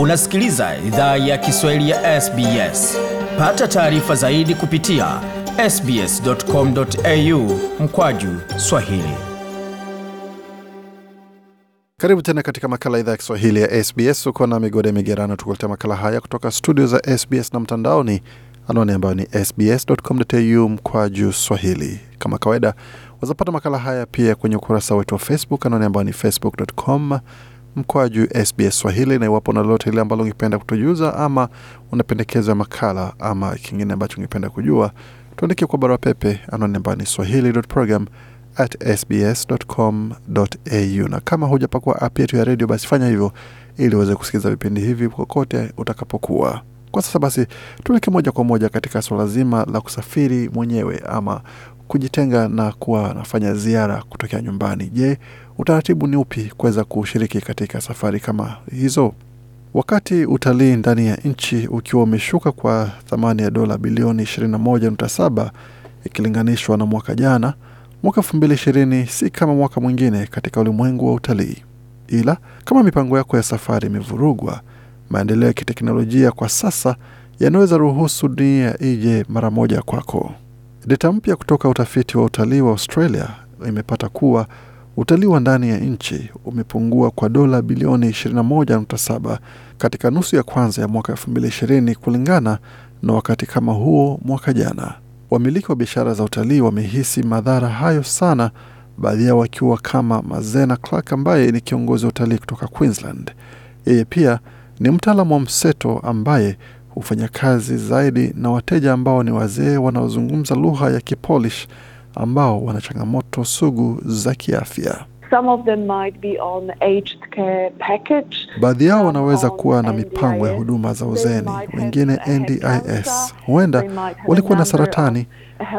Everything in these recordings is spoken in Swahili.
Unasikiliza idhaa ya Kiswahili ya SBS. Pata taarifa zaidi kupitia sbs.com.au mkwaju swahili. Karibu tena katika makala idhaa ya Kiswahili ya SBS. Uko na Migode Migerano tukuletea makala haya kutoka studio za SBS na mtandaoni, anaone ambayo ni sbs.com.au mkwaju swahili. Kama kawaida, wazapata makala haya pia kwenye ukurasa wetu wa Facebook, anaone ambayo ni facebook.com juu SBS Swahili, na iwapo na lolote lile ambalo ungependa kutujuza ama unapendekezo ya makala ama kingine ambacho ungependa kujua, tuandikie kwa barua pepe anwani ambayo ni swahili.program Na kama hujapakua app yetu ya redio, basi fanya hivyo ili uweze kusikiliza vipindi hivi kokote utakapokuwa. Kwa sasa basi, tuelekee moja kwa moja katika suala zima la kusafiri mwenyewe ama kujitenga na kuwa anafanya ziara kutokea nyumbani. Je, utaratibu ni upi kuweza kushiriki katika safari kama hizo? Wakati utalii ndani ya nchi ukiwa umeshuka kwa thamani ya dola bilioni 21.7 ikilinganishwa na mwaka jana, mwaka 2020 si kama mwaka mwingine katika ulimwengu wa utalii. Ila kama mipango yako ya safari imevurugwa, maendeleo ya kiteknolojia kwa sasa yanaweza ruhusu dunia ije mara moja kwako. Data mpya kutoka utafiti wa utalii wa Australia imepata kuwa utalii wa ndani ya nchi umepungua kwa dola bilioni 21.7 katika nusu ya kwanza ya mwaka 2020 kulingana na wakati kama huo mwaka jana. Wamiliki wa biashara za utalii wamehisi madhara hayo sana, baadhi yao wakiwa kama Mazena Clark ambaye ni kiongozi wa utalii kutoka Queensland. Yeye pia ni mtaalamu wa mseto ambaye hufanya kazi zaidi na wateja ambao ni wazee wanaozungumza lugha ya Kipolish ambao wana changamoto sugu za kiafya. Baadhi yao wanaweza kuwa na mipango ya huduma za uzeni, wengine NDIS, huenda walikuwa na saratani,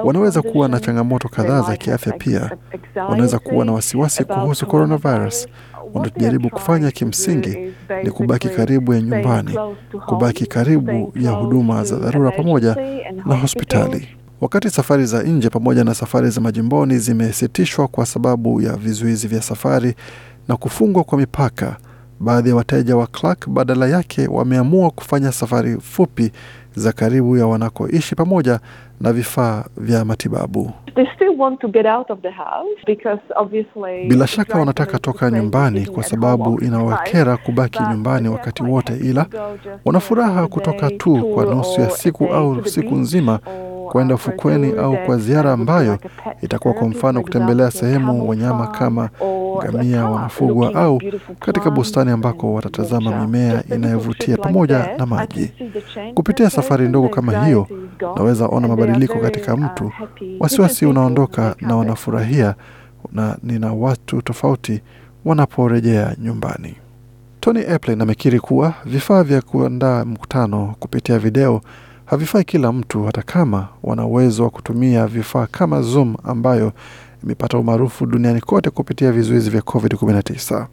wanaweza kuwa na changamoto kadhaa za kiafya. Pia wanaweza kuwa na wasiwasi kuhusu coronavirus wanachojaribu kufanya kimsingi ni kubaki karibu ya nyumbani, kubaki karibu ya huduma za dharura pamoja na hospitali. Wakati safari za nje pamoja na safari za majimboni zimesitishwa kwa sababu ya vizuizi vya safari na kufungwa kwa mipaka, baadhi ya wateja wa Clark badala yake wameamua kufanya safari fupi za karibu ya wanakoishi pamoja na vifaa vya matibabu. They still want to get out of the house because obviously, bila shaka wanataka toka nyumbani kwa sababu inawakera kubaki nyumbani wakati wote, ila wanafuraha kutoka tu kwa nusu ya siku au siku nzima kwenda fukweni au kwa ziara ambayo itakuwa kwa mfano kutembelea sehemu wanyama kama ngamia wanafugwa au katika bustani ambako watatazama mimea inayovutia pamoja na maji. Kupitia safari ndogo kama hiyo, naweza ona mabadiliko katika uh, mtu. Wasiwasi unaondoka na wanafurahia, na nina watu tofauti wanaporejea nyumbani. Tony Eplin amekiri kuwa vifaa vya kuandaa mkutano kupitia video havifai kila mtu, hata kama wana uwezo wa kutumia vifaa kama Zoom ambayo imepata umaarufu duniani kote kupitia vizuizi vya COVID-19.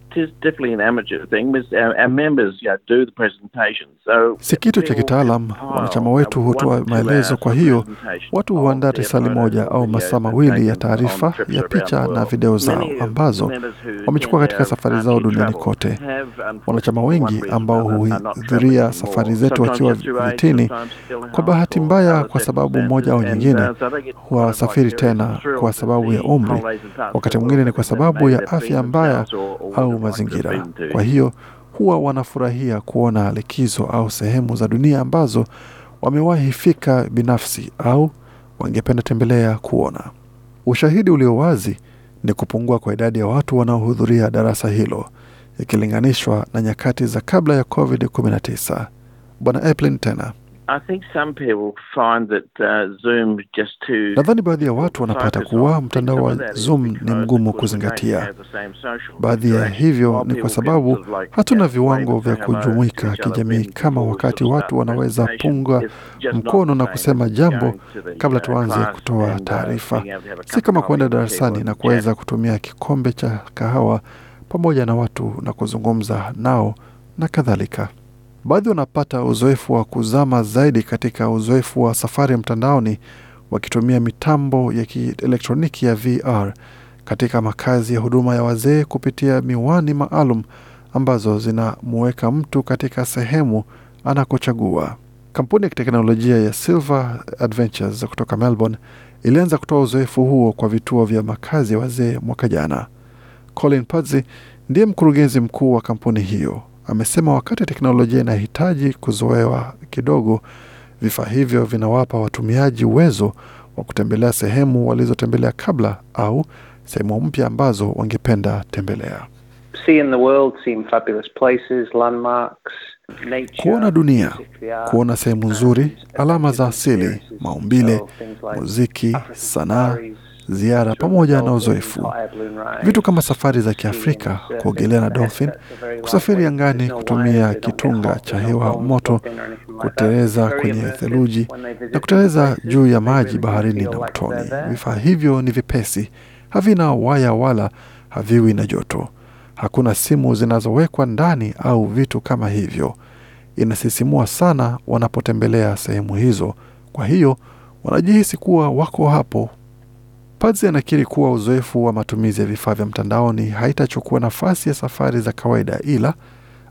Si kitu cha kitaalam. Wanachama wetu hutoa maelezo, kwa hiyo watu huandaa risali moja au masaa mawili ya taarifa ya picha na video zao ambazo wamechukua katika safari zao duniani kote. Wanachama wengi ambao huhudhuria safari zetu wakiwa vitini, kwa bahati mbaya, kwa sababu moja au nyingine, huwasafiri tena kwa sababu ya umri, wakati mwingine ni kwa sababu ya afya mbaya au mazingira. Kwa hiyo huwa wanafurahia kuona likizo au sehemu za dunia ambazo wamewahi fika binafsi au wangependa tembelea kuona. Ushahidi ulio wazi ni kupungua kwa idadi ya watu wanaohudhuria darasa hilo ikilinganishwa na nyakati za kabla ya COVID-19. Bwana Eplin tena Uh, Nadhani baadhi ya watu wanapata kuwa mtandao wa Zoom ni mgumu kuzingatia. Baadhi ya hivyo ni kwa sababu hatuna viwango vya kujumuika kijamii, kama wakati watu wanaweza punga mkono na kusema jambo kabla uh, tuanze kutoa uh, taarifa, si kama kuenda darasani na kuweza kutumia kikombe cha kahawa pamoja na watu na kuzungumza nao na kadhalika. Baadhi wanapata uzoefu wa kuzama zaidi katika uzoefu wa safari mtandaoni wakitumia mitambo ya kielektroniki ya VR katika makazi ya huduma ya wazee kupitia miwani maalum ambazo zinamuweka mtu katika sehemu anakochagua. Kampuni ya kiteknolojia ya Silver Adventures kutoka Melbourne ilianza kutoa uzoefu huo kwa vituo vya makazi ya wazee mwaka jana. Colin Padzzi ndiye mkurugenzi mkuu wa kampuni hiyo amesema wakati teknolojia inahitaji kuzoewa kidogo, vifaa hivyo vinawapa watumiaji uwezo wa kutembelea sehemu walizotembelea kabla au sehemu mpya ambazo wangependa tembelea. kuona dunia, kuona sehemu nzuri, alama za asili, maumbile, muziki, sanaa ziara pamoja na uzoefu. Vitu kama safari za Kiafrika, kuogelea na dolphin, kusafiri angani kutumia kitunga cha hewa moto, kuteleza kwenye theluji na kuteleza juu ya maji baharini na mtoni. Vifaa hivyo ni vipesi, havina waya wala haviwi na joto. Hakuna simu zinazowekwa ndani au vitu kama hivyo. Inasisimua sana wanapotembelea sehemu hizo, kwa hiyo wanajihisi kuwa wako hapo Pazi anakiri kuwa uzoefu wa matumizi ya vifaa vya mtandaoni haitachukua nafasi ya safari za kawaida, ila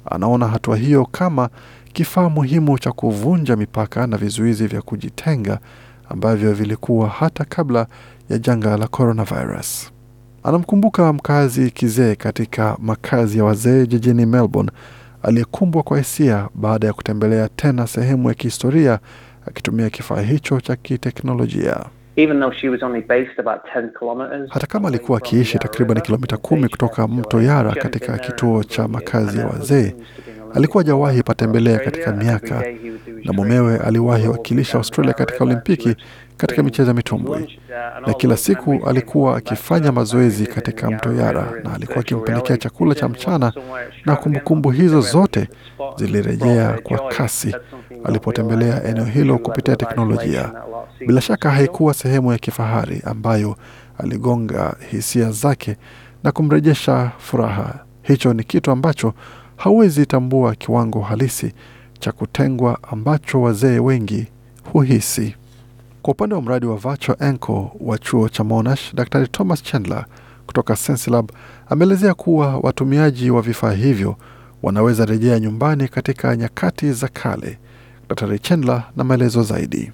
anaona hatua hiyo kama kifaa muhimu cha kuvunja mipaka na vizuizi vya kujitenga ambavyo vilikuwa hata kabla ya janga la coronavirus. Anamkumbuka mkazi kizee katika makazi ya wazee jijini Melbourne aliyekumbwa kwa hisia baada ya kutembelea tena sehemu ya kihistoria akitumia kifaa hicho cha kiteknolojia. Hata kama alikuwa akiishi takriban kilomita kumi kutoka mto Yara katika kituo cha makazi ya wazee Alikuwa hajawahi patembelea katika miaka, na mumewe aliwahi wakilisha Australia katika Olimpiki katika michezo ya mitumbwi, na kila siku alikuwa akifanya mazoezi katika mto Yara na alikuwa akimpelekea chakula cha mchana, na kumbukumbu hizo zote zilirejea kwa kasi alipotembelea eneo hilo kupitia teknolojia. Bila shaka haikuwa sehemu ya kifahari ambayo aligonga hisia zake na kumrejesha furaha. Hicho ni kitu ambacho hawezi tambua kiwango halisi cha kutengwa ambacho wazee wengi huhisi. Kwa upande wa mradi wa Virtual Ankle wa chuo cha Monash, Daktari Thomas Chandler kutoka Sensilab ameelezea kuwa watumiaji wa vifaa hivyo wanaweza rejea nyumbani katika nyakati za kale. Daktari Chandler na maelezo zaidi.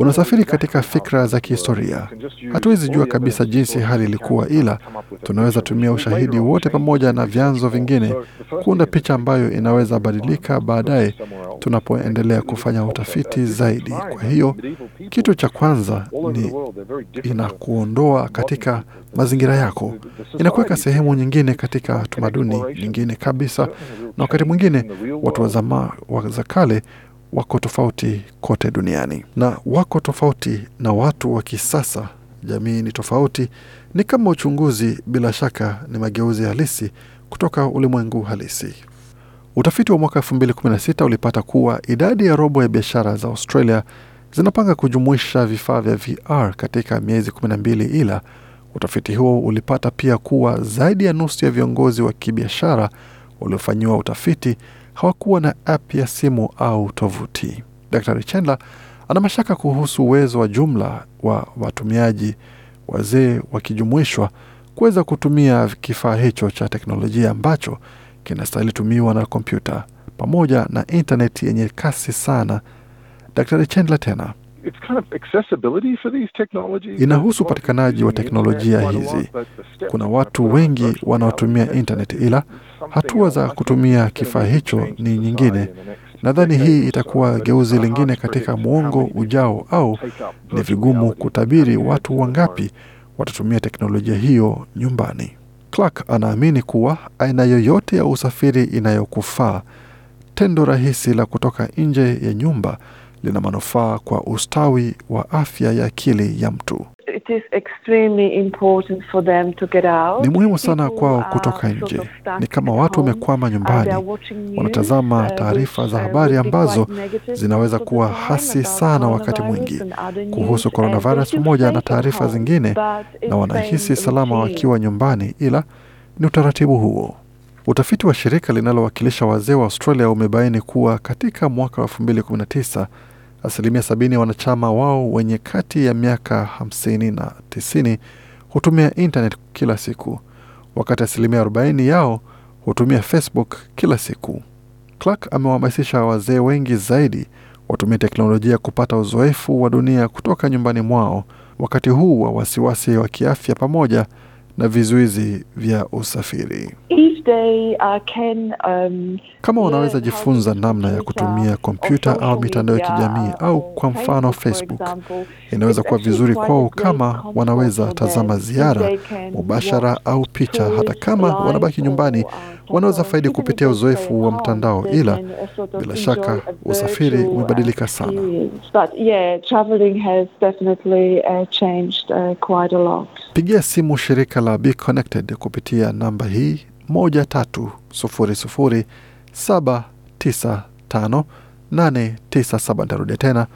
Unasafiri katika fikra za kihistoria. Hatuwezi jua kabisa jinsi hali ilikuwa, ila tunaweza tumia ushahidi wote pamoja na vyanzo vingine kuunda picha ambayo inaweza badilika baadaye tunapoendelea kufanya utafiti zaidi. Kwa hiyo kitu cha kwanza ni inakuondoa katika mazingira yako, inakuweka sehemu nyingine katika tamaduni nyingine kabisa, na wakati mwingine watu wa zama wa za kale wako tofauti kote duniani na wako tofauti na watu wa kisasa. Jamii ni tofauti, ni kama uchunguzi, bila shaka ni mageuzi halisi kutoka ulimwengu halisi. Utafiti wa mwaka 2016 ulipata kuwa idadi ya robo ya biashara za Australia zinapanga kujumuisha vifaa vya VR katika miezi 12, ila utafiti huo ulipata pia kuwa zaidi ya nusu ya viongozi wa kibiashara waliofanyiwa utafiti hawakuwa na app ya simu au tovuti. Dr. Chandler ana mashaka kuhusu uwezo wa jumla wa watumiaji wazee wakijumuishwa kuweza kutumia kifaa hicho cha teknolojia ambacho kinastahili tumiwa na kompyuta pamoja na intaneti yenye kasi sana. Dr. Chandler tena It's kind of accessibility for these technologies. Inahusu upatikanaji wa teknolojia hizi. Kuna watu wengi wanaotumia internet, ila hatua za kutumia kifaa hicho ni nyingine. Nadhani hii itakuwa geuzi lingine katika mwongo ujao, au ni vigumu kutabiri watu wangapi watatumia teknolojia hiyo nyumbani. Clark anaamini kuwa aina yoyote ya usafiri inayokufaa, tendo rahisi la kutoka nje ya nyumba lina manufaa kwa ustawi wa afya ya akili ya mtu. It is extremely important for them to get out. Ni muhimu sana kwao kutoka nje ni kama watu wamekwama nyumbani wanatazama uh, taarifa za uh, habari ambazo zinaweza kuwa hasi sana wakati mwingi kuhusu coronavirus pamoja na taarifa zingine na wanahisi salama wakiwa nyumbani ila ni utaratibu huo Utafiti wa shirika linalowakilisha wazee wa Australia umebaini kuwa katika mwaka wa 2019 asilimia 70 ya wanachama wao wenye kati ya miaka 50 na 90 hutumia internet kila siku, wakati asilimia 40 yao hutumia Facebook kila siku. Clark amewahamasisha wazee wengi zaidi watumie teknolojia kupata uzoefu wa dunia kutoka nyumbani mwao wakati huu wa wasiwasi wa kiafya pamoja na vizuizi vya usafiri. Uh, um, kama wanaweza jifunza namna ya kutumia uh, kompyuta au mitandao ya kijamii uh, au kwa mfano Facebook, inaweza kuwa vizuri kwao kama wanaweza tazama ziara mubashara au picha. Hata kama wanabaki nyumbani, wanaweza faidi kupitia uzoefu wa mtandao, ila bila shaka usafiri umebadilika sana. Pigia simu shirika la Be Connected kupitia namba hii Nitarudia tena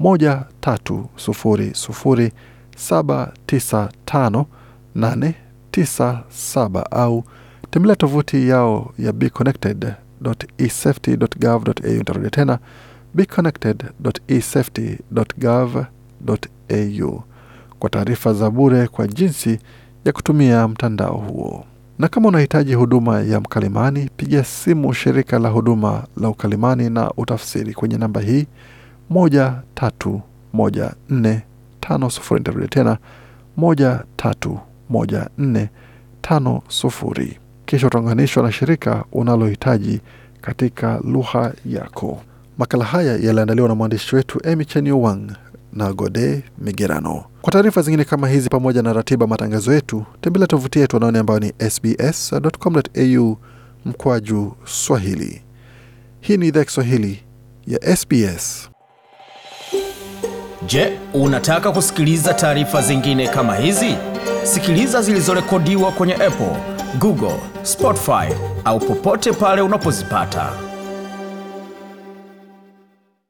1300795897, au tembelea tovuti yao ya beconnected.esafety.gov.au. Nitarudia tena beconnected.esafety.gov.au kwa taarifa za bure kwa jinsi ya kutumia mtandao huo. Na kama unahitaji huduma ya mkalimani, piga simu shirika la huduma la ukalimani na utafsiri kwenye namba hii 131450 tena 131450, kisha utaunganishwa na shirika unalohitaji katika lugha yako. Makala haya yaliandaliwa na mwandishi wetu Emy Wang na Gode Migerano. Kwa taarifa zingine kama hizi pamoja na ratiba matangazo yetu, tembelea tovuti yetu anaoni ambayo ni sbs.com.au mkwaju Swahili. Hii ni idhaa Kiswahili ya SBS. Je, unataka kusikiliza taarifa zingine kama hizi? Sikiliza zilizorekodiwa kwenye Apple, Google, Spotify au popote pale unapozipata.